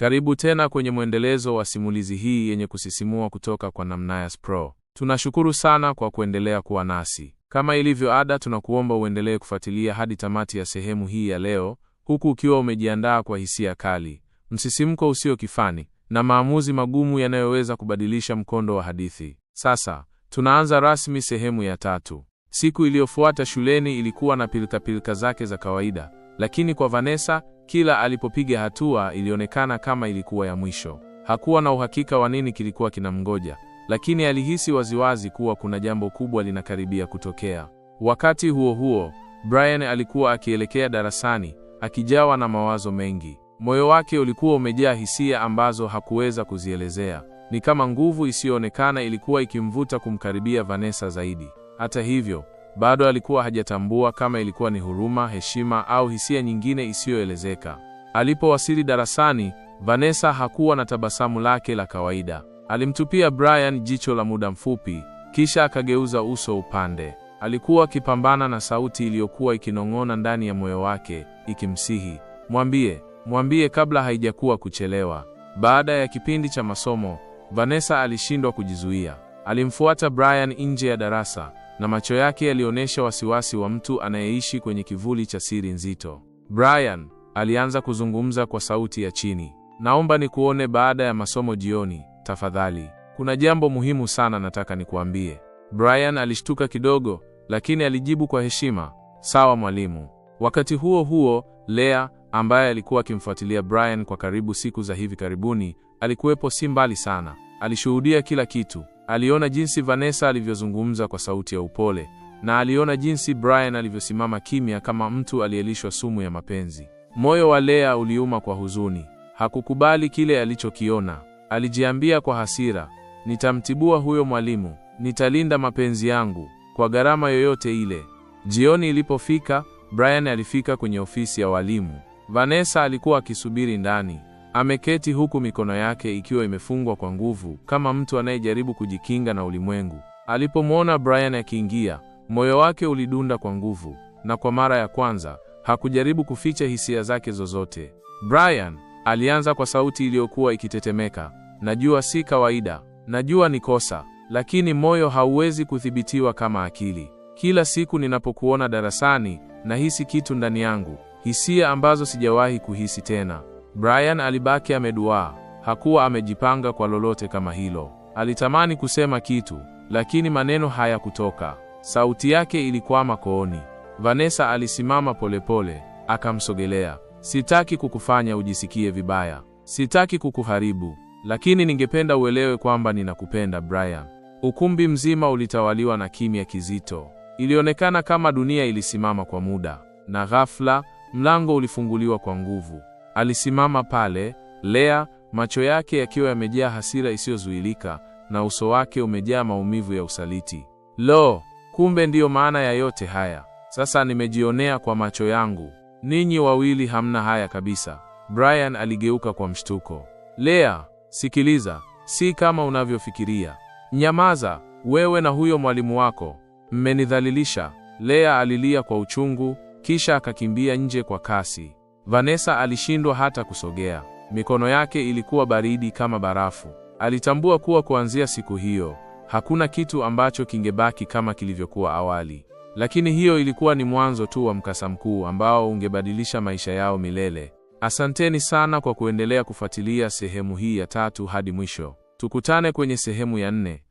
Karibu tena kwenye mwendelezo wa simulizi hii yenye kusisimua kutoka kwa Namnayas Pro. Tunashukuru sana kwa kuendelea kuwa nasi. Kama ilivyo ada, tunakuomba uendelee kufuatilia hadi tamati ya sehemu hii ya leo, huku ukiwa umejiandaa kwa hisia kali, msisimko usio kifani na maamuzi magumu yanayoweza kubadilisha mkondo wa hadithi. Sasa tunaanza rasmi sehemu ya tatu. Siku iliyofuata shuleni ilikuwa na pilika zake za kawaida, lakini kwa Vanessa kila alipopiga hatua ilionekana kama ilikuwa ya mwisho. Hakuwa na uhakika wa nini kilikuwa kinamngoja, lakini alihisi waziwazi kuwa kuna jambo kubwa linakaribia kutokea. Wakati huo huo, Brian alikuwa akielekea darasani akijawa na mawazo mengi. Moyo wake ulikuwa umejaa hisia ambazo hakuweza kuzielezea. Ni kama nguvu isiyoonekana ilikuwa ikimvuta kumkaribia Vanessa zaidi. Hata hivyo bado alikuwa hajatambua kama ilikuwa ni huruma, heshima au hisia nyingine isiyoelezeka. Alipowasili darasani, Vanessa hakuwa na tabasamu lake la kawaida. Alimtupia Brian jicho la muda mfupi, kisha akageuza uso upande. Alikuwa akipambana na sauti iliyokuwa ikinong'ona ndani ya moyo wake, ikimsihi, "Mwambie, mwambie kabla haijakuwa kuchelewa." Baada ya kipindi cha masomo, Vanessa alishindwa kujizuia. Alimfuata Brian nje ya darasa, na macho yake yalionyesha wasiwasi wa mtu anayeishi kwenye kivuli cha siri nzito. Brian alianza kuzungumza kwa sauti ya chini, naomba nikuone baada ya masomo jioni tafadhali. Kuna jambo muhimu sana nataka nikuambie. Brian alishtuka kidogo, lakini alijibu kwa heshima, sawa mwalimu. Wakati huo huo, Lea ambaye alikuwa akimfuatilia Brian kwa karibu siku za hivi karibuni, alikuwepo si mbali sana. Alishuhudia kila kitu. Aliona jinsi Vanessa alivyozungumza kwa sauti ya upole na aliona jinsi Brian alivyosimama kimya kama mtu aliyelishwa sumu ya mapenzi. Moyo wa Lea uliuma kwa huzuni. Hakukubali kile alichokiona. Alijiambia kwa hasira, nitamtibua huyo mwalimu, nitalinda mapenzi yangu kwa gharama yoyote ile. Jioni ilipofika, Brian alifika kwenye ofisi ya walimu. Vanessa alikuwa akisubiri ndani. Ameketi huku mikono yake ikiwa imefungwa kwa nguvu kama mtu anayejaribu kujikinga na ulimwengu. Alipomwona Brian akiingia, moyo wake ulidunda kwa nguvu, na kwa mara ya kwanza hakujaribu kuficha hisia zake zozote. Brian alianza kwa sauti iliyokuwa ikitetemeka, najua si kawaida, najua ni kosa, lakini moyo hauwezi kudhibitiwa kama akili. Kila siku ninapokuona darasani, nahisi kitu ndani yangu, hisia ambazo sijawahi kuhisi tena. Brian alibaki ameduaa. Hakuwa amejipanga kwa lolote kama hilo. Alitamani kusema kitu, lakini maneno hayakutoka. Sauti yake ilikwama kooni. Vanessa alisimama polepole, akamsogelea. Sitaki kukufanya ujisikie vibaya, sitaki kukuharibu, lakini ningependa uelewe kwamba ninakupenda Brian. Ukumbi mzima ulitawaliwa na kimya kizito. Ilionekana kama dunia ilisimama kwa muda, na ghafla mlango ulifunguliwa kwa nguvu. Alisimama pale Lea, macho yake yakiwa yamejaa hasira isiyozuilika na uso wake umejaa maumivu ya usaliti. Lo, kumbe ndiyo maana ya yote haya! Sasa nimejionea kwa macho yangu. Ninyi wawili hamna haya kabisa. Brian aligeuka kwa mshtuko. Lea, sikiliza, si kama unavyofikiria. Nyamaza, wewe na huyo mwalimu wako mmenidhalilisha. Lea alilia kwa uchungu, kisha akakimbia nje kwa kasi. Vanessa alishindwa hata kusogea. Mikono yake ilikuwa baridi kama barafu. Alitambua kuwa kuanzia siku hiyo hakuna kitu ambacho kingebaki kama kilivyokuwa awali. Lakini hiyo ilikuwa ni mwanzo tu wa mkasa mkuu ambao ungebadilisha maisha yao milele. Asanteni sana kwa kuendelea kufuatilia sehemu hii ya tatu hadi mwisho. Tukutane kwenye sehemu ya nne.